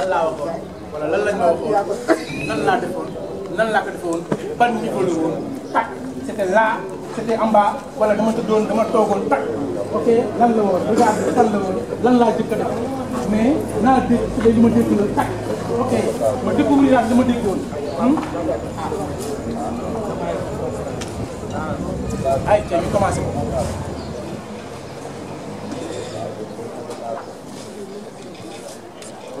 lan laa waxoon wala lan lañ ma waxoon lan laa defoon lan laa ko defoon ban niveau la woon tak c'était là c'était en bas wala dama tëddoon dama toogoon tak ok lan la woon regarde lan la woon lan laa jëkk a mais naa dégg su dee li ma dégg la tak ok ma découvrir daal li ma déggoon hmm? ah. ay ca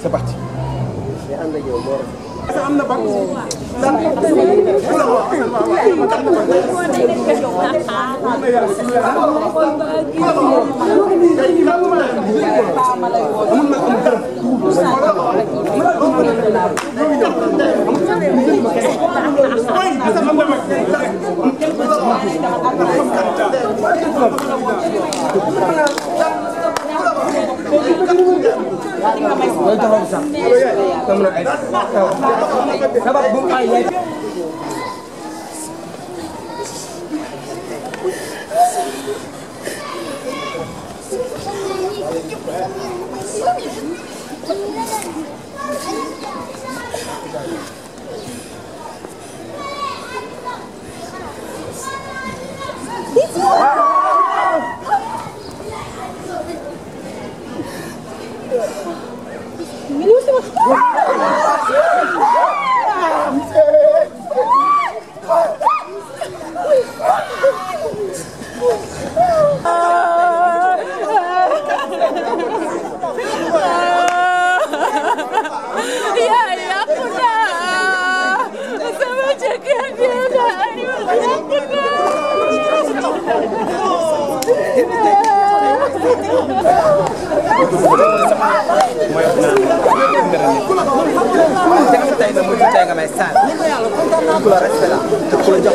c'est parti. am na ban loolu taxaw sax tam Well, no. كل رأس لا تدخل جاب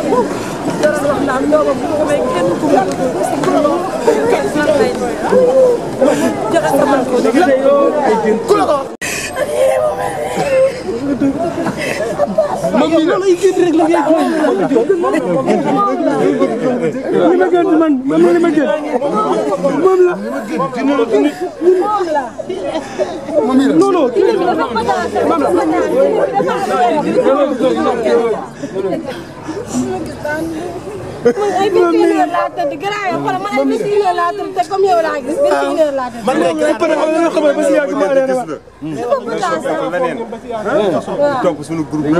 Thank you. 안 넣어보고 맨캔 굴러 캔슬 라인 제가 사만 거든 굴러가 moom la it rek la ngay jooy li ma gën man man li ma gën moom la non non moom la man ay vingt et une heures laa tëdd garaay xoolal man ay vingt et une heures laa tëdd te comme yow laa gis vingt et une ah. heures laa tëdd. man de gis nga topp suñu groupe même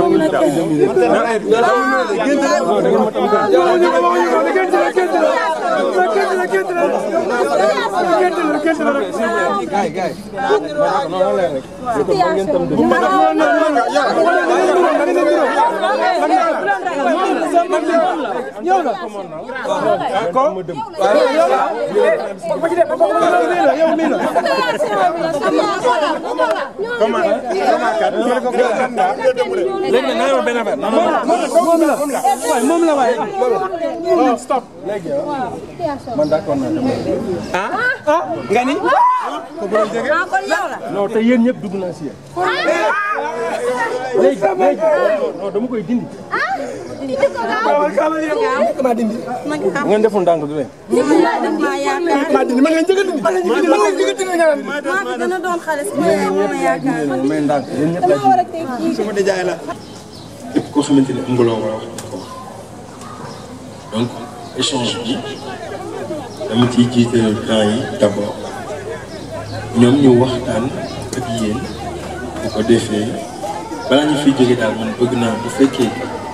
yow la d'accord yow mii la léegi naa yow benn affaire moom la waaye moom la waaye stop léegi man d'accord naa ah nga ni non te yéen ñëpp dugg naa si maa dindi. ngeen deful ndànk du leen. maa dindi ma leen njëkk a dindi. maa njëkk nga def. maa ko gën a doon xale si la ci. képp koo xamante ne ëmb loo wax ko wax donc échange bi dama ciy jiite yi d'abord ñoom ñu waxtaan ak yéen bu ko defee balaa ñu fiy daal man bëgg naa bu fekkee.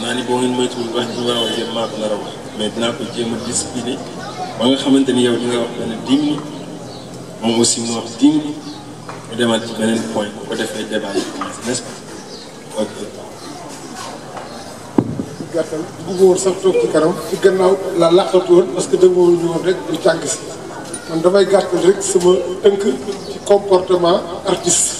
xam naa ni boo ngeen moytuwul wax ji ñu war a wax yëpp maa a mais dinaa ko jéem a discipliné ba nga xamante ni yow di nga wax benn dix minutes moom aussi mu wax dix minutes mu demaat ci beneen point bu ko defee débat yi commencé nest ci gàttal woon sax toog ci gannaaw la laqatu woon parce que dëggoo ñu woon rek ñu tàgg si man damay gàttal rek sama tënk ci comportement artiste.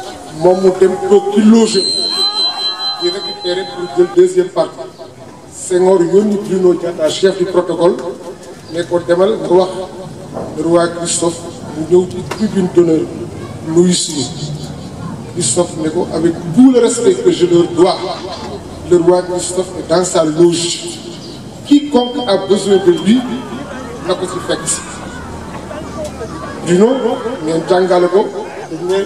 Mon un peu plus logé. loge pour le deuxième partie Seigneur, yónni Bruno chef du protocole mais ko demal roi. le roi Christophe nous donne plus tribune d'honneur Louis Christophe avec tout le respect que je leur dois le roi Christophe est dans sa loge quiconque a besoin de lui na pas ci fekk Dino, Bruno un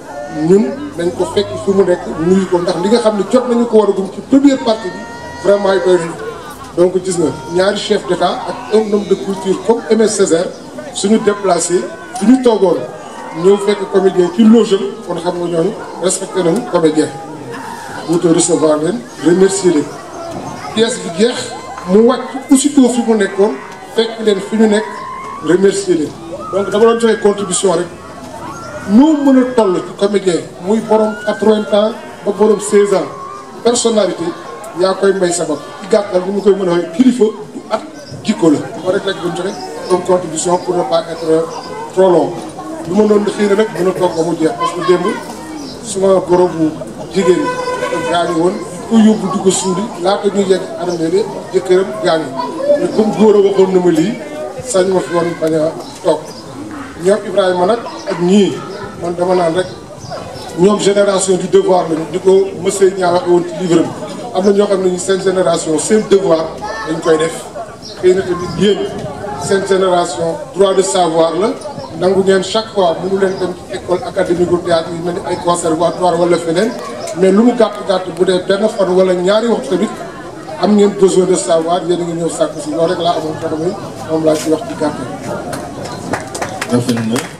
ñun nañ ko fekk su mu nekk nuyu ko ndax li nga xamni jot nañu ko war a gum ci première partie bi vraiment doy donc gis na ñaari chef d'état ak un homme de culture comme Aimé Césaire suñu déplacer suñu toogoon ñëw fekk comédien ci loge kon xam nga ñoo respecter nañu comédien wuute recevoir leen remercier leen pièce bi jeex mu wacc aussitôt fi mu nekkoon fekk len fi ñu nekk remercier leen donc dama doon joxe contribution rek noo mën a toll ci comédien muy borom quatre-vingts ans ba borom seize ans personnalité yaa koy may sabab ci gàttal bu ñu koy mën a waxee kilifa du at jikko la. ba rek laaj bu ñu comme contribution pour ne pas être trop long lu ma noonu xëy na nag mën a toog mu jeex parce que démb suma borom bu jigéen ñi gaañu woon ko yóbbu di ko suuli laata ñuy yegg anam yële jëkkëram gaañu mais comme góor a waxoon na ma lii sañ ma fi woon bañ a toog ñoom Ibrahima nag ak ñii. man dama nan rek ñom génération du devoir lañu di ko monsieur Niang waxee won ci livre bi am na ñoo xam ne seen génération sen devoir dañ koy def xëy te nit yéen sen génération droit de savoir la nangu ñen chaque fois mënu leen dem ci école académique bu théâtre yi mel ay conservatoire wala feneen mais lu mu gatt gàtt bu dee benn fan wala ñaari waxtu tamit am ngeen besoin de savoir yéen a ngi ñëw sàkku si loolu rek laa amoon problème moom laa ci wax ci gàttal. rafet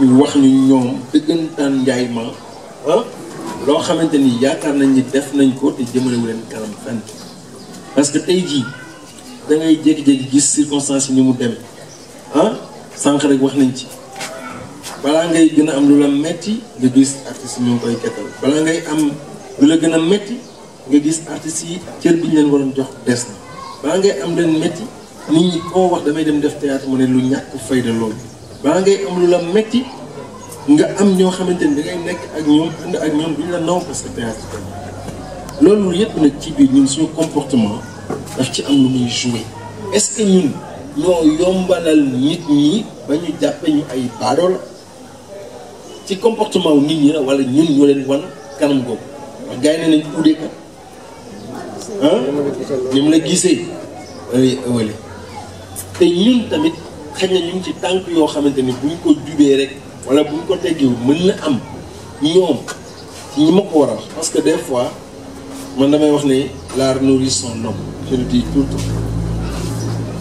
ñu wax ñu ñoom dëggantaan njaay ma ah, loo xamante ni yaakaar nañ ni def nañ ko te jëmalewu leen kanam fenn parce que tey jii da ngay jékki-jékki gis circonstance yi ñu mu demee ah sànq wax nañ ci balaa ngay gën a am lu la metti nga gis artistes yi ñu ngi ngay am lu a metti nga gis artistes yi cër bi ñu leen waroon jox des na balaa ngay am leen metti nit ñi koo wax damay dem def théâtre mu ne lu ñàkk fayda loolu baa ngay am lu la metti nga am ño xamanteni ni da ngay nekk ak ñoom ànd ak ñoom duñ la naw parce que c'est théâtre lolu yépp nag ci biir ñun suñu comportement daf ci am lu muy joué est-ce que ñun ñoo yombalal nit ñi ba ñu jàppe ñu ay baadool ci comportement nit ñi la wala ñun ñoo leen wan kanam googu gaay gars yi ne nañ uudee ko ah hein? ni mu la gisee wala te ñun tamit xëy na ñu ngi ci tànk yo xamanteni buñ ko jubee rek wala buñ ko teggiw mën na am ñoom ci ñi mako wara parce que des fois man damay wax ni l'art nourrit son homme je le dis tout le temps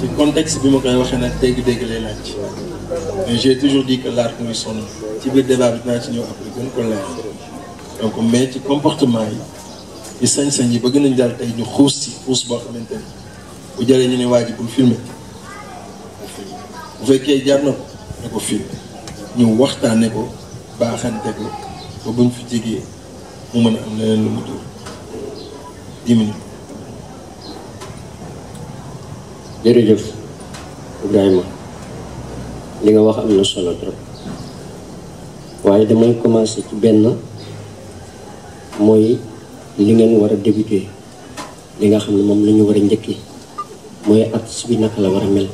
ci contexte bi ma koy waxee nag dégg-dégg lay laaj mais j'ai toujours dit que l'art nourrit son homme ci biir débat bi ci ñëw après gën ko leer donc mais ci comportement yi ci sañ-sañ yi bëgg nañ dal tay ñu xuus ci xuus boo xamante bu jëlee ñu ne waa ji filmer fekkee jar na ko ne ko fii ñu waxtaane ko baaxante ko ba buñ fi jegee mu mën a am leneen lu mu dóor dix minutes jërëjëf Ibrahima li nga wax am na solo trop waaye damay commencer ci benn mooy li ngeen war a débuter li nga xam ne moom la ñu war a njëkkee mooy artiste bi naka la war a mel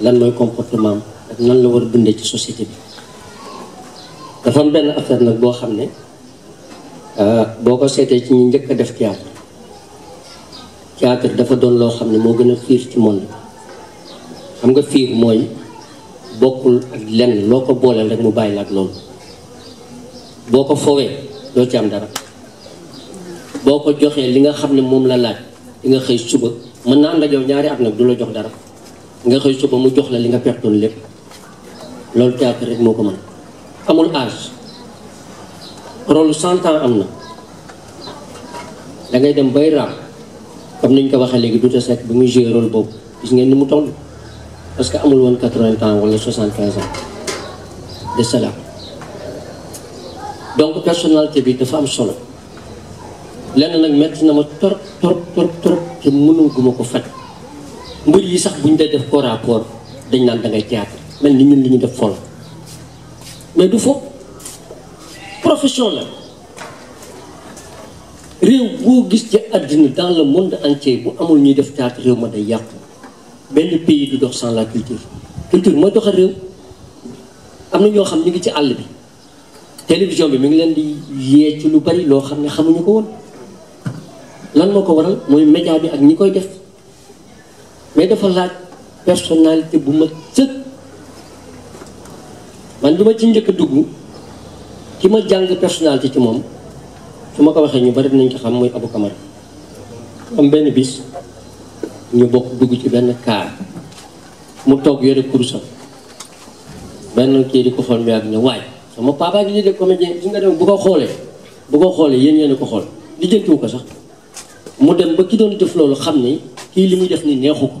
lan mooy comportement ak nan la war bundee ci société bi dafa am benn affaire nag boo xam ne euh, boo ko seetee ci ñu njëkk a def théâtre théâtre dafa doon loo xam ne moo gën a fiir ci monde xam nga fiir mooy bokkul ak lenn loo ko booleel rek mu bàyyi la ak loolu boo ko fowee doo ci am dara boo ko joxee li nga xam ne moom la laaj li nga xëy suba mën naa ànd ak yow ñaari am nag du la jox dara nga xëy suba mu jox la li nga pertoon lépp loolu théâtre rek moo ko man amul âge rôle cent ans am na da ngay dem bay raam comme niñ ko waxee léegi Douta set bu muy joué rôle boobu gis ngeen ni mu toll parce que amul woon quatre-vingts ans wala soixante-quinze ans de cela donc personnalité bi dafa am solo leneen nag metti na ma trop trop trop trop te mënul guma ko faj mbër yi sax bu ñu dee def corps à corps dañ naan dangay ngay théâtre mel ni ñun li def fol mais du fo profession la réew boo gis ci àddina dans le monde entier bu amul ñuy def théâtre réew ma day yàqu benn pays du dox sans la culture culture mooy doxal réew am na ñoo xam ñu ngi ci àll bi télévision bi mu ngi leen di yee ci lu bari loo xam ne xamuñu ko woon lan moo ko waral mooy média bi ak ñi koy def mais dafa laaj personnalité bu ma sëkk man du ma ci njëkk dugg ki ma jàng personnalité ci moom su ma ko waxee ñu bari nañ ko xam muy abu Camara am benn bis ñu bokk dugg ci benn kaar mu toog yore kurusam benn kii di ko xool mu yàgg ne waay sama papa ngi nga dem bu ko xoolee bu ko xoolee yéen yéen ko xool di ko sax dem ba ki doon def loolu xam ni kii li muy def ni neexu ko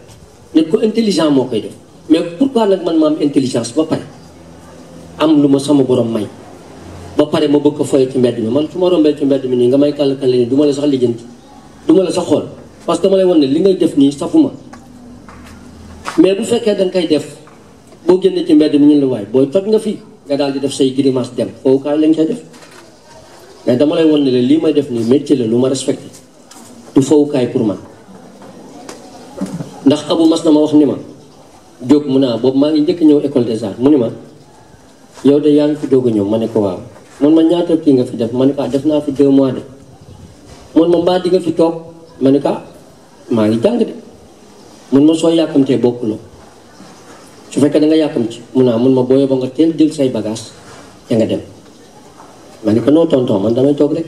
nit ko intelligent moo koy def mais pourquoi nag man ma am intelligence ba pare am lu ma sama borom may ba pare ma bëgg ko foyee ci mbedd mi man su ma rombee ci mbedd mi nii nga may kàll kàll nii du la sax lijjanti du ma la sax xool parce que dama lay wan ne li ngay def nii safuma mais bu fekkee da koy def boo génnee ci mbedd mi ñu la waay booy toj nga fii nga di def say grimace dem foofu lañ koy def dama lay wan ne lii may def nii métier la lu ma respecté du fowukaay pour man ndax abu mas na ma wax ni ma jóg muna, bob boobu maa ngi njëkk ñëw école des arts mu ni ma yow de yaa ngi fi doog a ñëw ma ne ko waaw man ma ñaata kii nga fi def ma ne ko ah, def naa fi deux mois de man ma mbaa di nga fi toog ma ah, ngi de ma soo yàkkamtee bokkuloo su fekkee da nga yàkkamti mu naa mun ma booyee ba nga teel jël say bagage te nga dem ma ne ko noo tonton man damay toog rek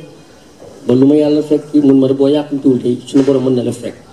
ba ma fekk mun ma boo yàkkamtiwul tey suñu borom mën na la fekk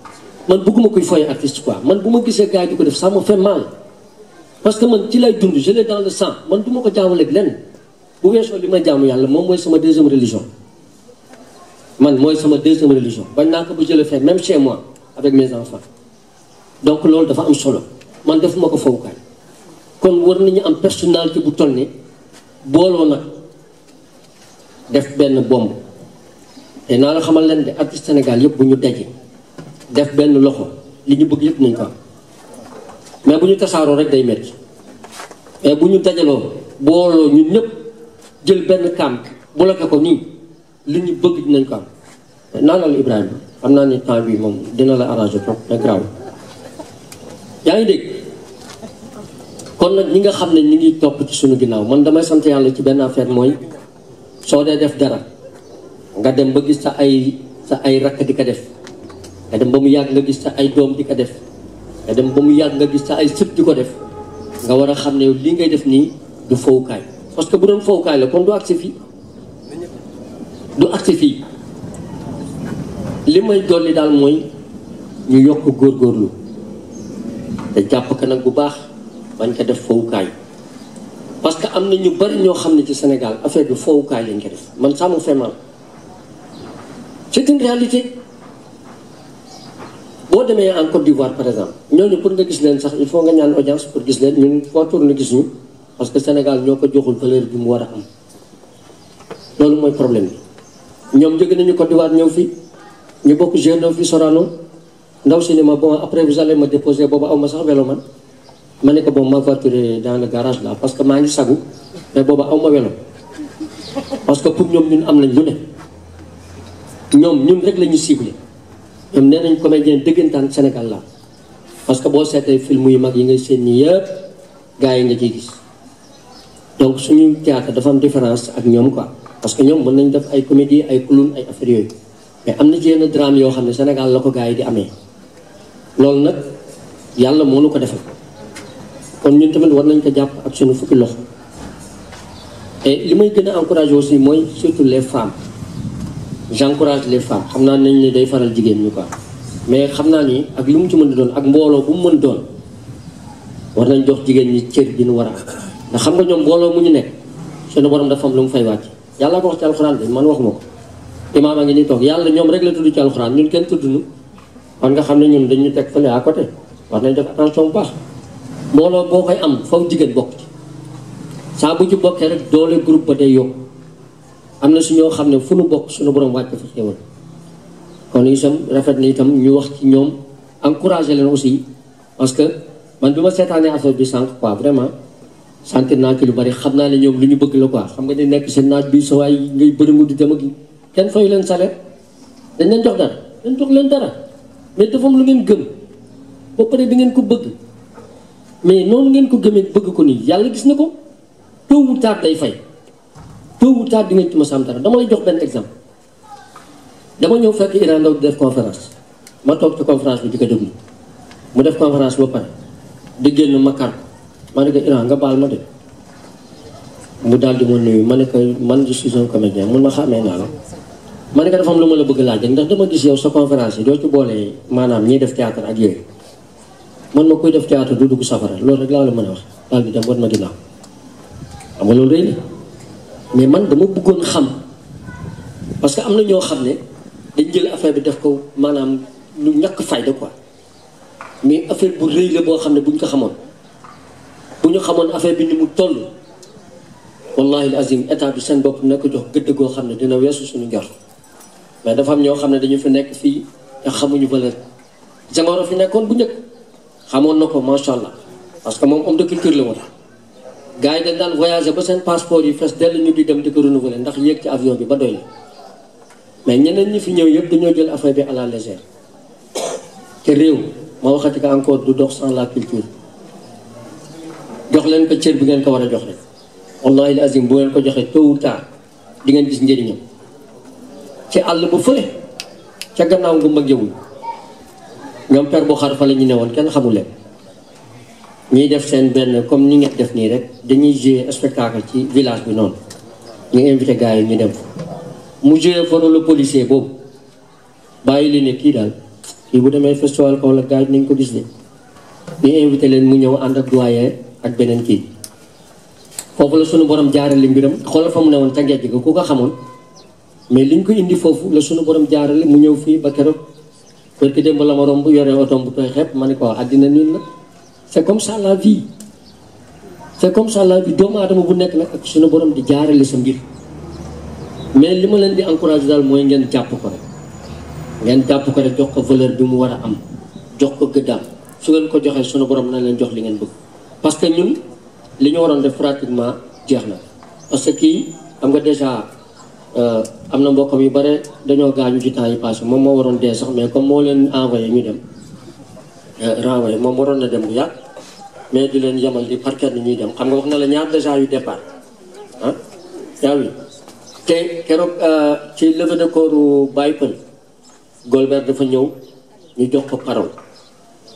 man bëgguma kuy foye artiste quoi man bu ma gisee gars yi ko def ça me fait mal parce que man ci lay dund je l'ai dans le sang man duma ko jaawaleeg lenn bu wéso li may jaamu yàlla moom mooy sama deuxième religion man moy sama deuxième religion bañ naa ko ba jële fee même chez moi avec mes enfants donc loolu dafa am solo man defuma ko fowukaay kon war nañu am personnalité bu toll bolo nak def ben bombe et naa la xamal leen de artiste Sénégal yépp bu ñu dajé def benn loxo li ñu bëgg yëpp nañ ko am mais bu ñu tasaaroo rek day metti mais bu ñu dajaloo booloo ñun ñëpp jël benn kàmb bloqué ko nii li ñu bëgg dinañ ko am naanal Ibrahima xam naa ni temps bi moom dina la arrangé trop te grave yaa ngi dégg kon nag ñi nga xam ne ñi ngi topp ci suñu ginnaaw man damay sant yàlla ci benn affaire mooy soo dee def dara nga dem ba gis sa ay sa ay rakk di ko def nga dem ba mu yàgg nga gis sa ay doom di ko def nga dem ba mu yàgg nga gis sa ay sët di ko def nga war a xam ne li ngay def nii du fowukaay parce que bu doon fowukaay la kon du agsi fii du agsi li daal mooy ñu yokk góorgóorlu te jàpp ko bu baax bañ ko def fowukaay parce que am na ñu bari ñoo xam ne ci Sénégal affaire bi fowukaay lañ ko def man ça me fait réalité boo demee en Côte d'Ivoire par exemple ñooñu pour nga gis leen sax il faut nga ñaan audience pour gis leen ñun foo tourné gis ñu parce que Sénégal ñoo ko joxul valeur bi mu war a am kan. loolu mooy problème bi ñoom jóge nañu Côte d'Ivoire ñëw fii ñu bokk GNO fii Sorano ndaw si ne ma bon après vous allez ma déposer boobu aw ma sax vélo man ma ne ko bon ma voiture dans le garage là parce que maa ngi sagu mais boobu aw ma vélo parce que pour ñoom ñun am nañ lu ne ñoom ñun rek la ñu ciblé ñoom nee nañ comédien dëggantaan Sénégal la parce que boo seetee film yu mag yi ngay seen nii yëpp gars yi nga ciy gis donc suñu théâtre dafa am différence ak ñoom quoi parce que ñoom mën nañ def ay comédie ay clown ay affaire yooyu mais am na ci yenn drame yoo xam ne Sénégal la ko gars yi di amee loolu nag yàlla moo nu ko defal kon ñun tamit war nañ ko jàpp ak suñu fukki loxo et li may gën a encouragé aussi mooy surtout les femmes j'encourage les femmes xam naa nañ ne day faral jigéen ñu quoi mais xam naa ni ak lu mu ci mën di doon ak mbooloo bu mu mën doon war nañ jox jigéen ñi cër bi ñu war a am xam nga ñoom mbooloo mu ñu nekk suñu borom dafa am lu mu fay wàcc yàlla wax ci man waxuma ko imaam a ngi nii toog yàlla ñoom rek la tudd ci alxuraan ñun kenn tudd ñu kon nga xam ne ñoom dañu teg fële à côté war nañ def attention bu baax mbooloo boo koy am faw jigéen bokk ci saa bu ci bokkee rek doole group ba day yokk am na su ñoo xam fu nu bokk suñu borom wàcc fa xéewal kon itam rafet na itam ñu wax ci ñoom encouragé leen aussi parce que man bi ma seetaanee affaire bi sànq quoi vraiment sentir naa ci lu bari xam naa ne ñoom lu ñu bëgg la quoi xam nga ne nekk seen naaj bi sa waay ngay bëri mu di dem ak kenn fayu leen salaire dañ leen jox dara dañ jox leen dara mais lu ngeen gëm pare di ngeen ko bëgg mais ngeen ko bëgg ko gis day fay. tôt ou tard di nga ci mos am dara dama lay jox benn exemple dama ñëw fekk Iran Ndao di def conférence ma toog ci conférence bi di ko déglu mu def conférence boo pare di génn ma kàr ma ne ko Iran nga baal ma mu daal di ma nuyu ma ne ko man je suis un comédien ma xàmmee naa la ma ne ko dafa am lu ma la bëgg laaj ndax dama gis yow sa conférence yi doo ci boole maanaam ñiy def théâtre ak yooyu man ma koy def théâtre du dugg safara loolu rek laa la mën a wax daal di dem wan ma ginnaaw xam loolu rëy mais man dama buggoon xam parce que am na ñoo xam ne dañ jël affaire bi def ko maanaam lu ñàkk fayda ko mais affaire bu rëy la boo xam ne buñ ko xamoon bu ñu xamoon affaire bi mu toll wallahi azim état bi seen bopp na ko jox gëdd goo xam ne dina weesu suñu njort mais dafa am ñoo xam ne dañu fi nekk fii te xamuñu valeur jangoro fi nekkoon bu njëkk xamoon na ko macha allah parce que moom homme de culture la woon gaay dañ daan voyager ba seen passeport yi fess delu ñu di dem di ko renouveler ndax yek ci avion bi ba doy la mais ñeneen ñi fi ñew yëpp dañoo jël affaire bi à la légère te réew ma waxati ko encore du dox sans la culture jox leen ko cër bi ngeen ko war a jox rek wallahi azim bu ngeen ko joxe tôt ou tard di ngeen gis njëriñam ci àll bu fële ca gannaaw nga mbëg yewul ñoom per bu xar fa la ñu newoon kenn xamu leen ñuy def seen benn comme ni ngeen def nii rek dañuy jouer spectacle ci village bi noonu ñu invité gars yi ñu dem mu jouer fa rôle policier boobu bàyyi li ne kii daal bu demee festival kaw la gars yi ko gis ne invité leen mu ñëw ànd ak doyen ak beneen kii foofu la sunu borom jaarale mbiram xoolal fa mu ne woon ca ngeej ko ku ko xamoon mais liñ ko indi foofu la sunu borom jaarale mu ñëw fii ba keroog parce que démb la ma romb yore otoom bu tooy xepp ma ne ko àddina nii la c'est comme ça la vie c'est la vie doomu aadama bu nekk nag ak suñu borom di jaarale sa mbir mais li ma leen di encouragé daal mooy ngeen jàpp ko rek ngeen jàpp ko rek jox ko valeur bi mu war a am jox ko gëddaam su ngeen ko joxee suñu borom na leen jox li ngeen bëgg parce que ñun li ñu waroon def pratiquement jeex na parce que kii am nga déjà euh, am na mbokkam yu bare dañoo gaañu ci temps yi passé moom moo waroon dee sax mais comme moo leen envoyé ñu dem euh, renvoyé moom waroon na dem bu yàgg mais di leen yemal di par kenn ñuy dem xam nga wax na la ñaar déjà yu départ ah yaa wi te keroog ci eh, levée de corps Baye Pël Golbert dafa ñëw ñu jox ko parole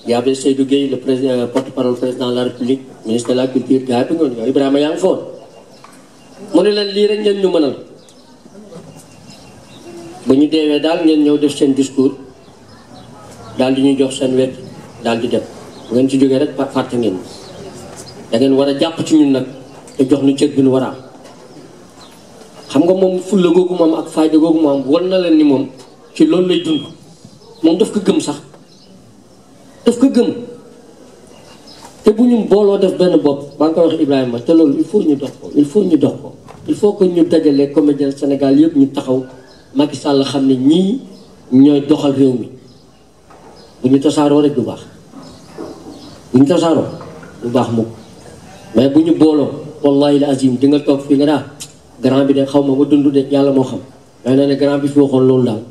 il y avait Seydou Gueye le président porte-parole président de ya, eh, la République ministre de la culture gars bi ñoon Ibrahima yang fon, foon mu ne leen lii rek ngeen ñu mënal bu ñu deewee daal ngeen def discours di ñu jox seen di dem ngeen ci jógee rek fàtte ngeen da ngeen war a ci ñun nag te jox nu cër bi nu war xam nga moom fulla googu moom ak fayda googu moom won na leen ni moom ci loolu lay dund moom daf ko gëm sax daf ko gëm te bu ñu booloo def benn bopp te loolu il faut ñu dox ko il faut ñu dox ko il faut que ñu dajale yëpp ñu taxaw Macky Sall doxal mi bu ñu rek du baax duñ tasaaroo bu baax mukk mais bu ñu booloo wallahi la azim di nga toog fii nga daa ah, grand bi de xaw ma ma dund de yàlla moo xam day na ne grand bi fi waxoon loolu daal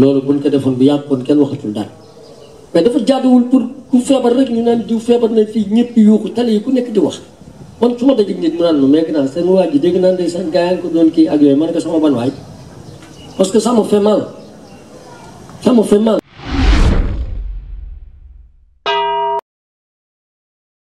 loolu buñ ko defoon bu yàgg kon kenn waxatul daal mais dafa jaaduwul pour ku feebar rek ñu naan diw feebar na fii ñëpp yuuxu tale yi ku nekk di wax man su ma nit mu naan ma mais grand seen waa ji dégg naan day seen gaa yaa ngi ko doon kii ak yooyu man nga sama ban waay parce que ça me fait mal ça me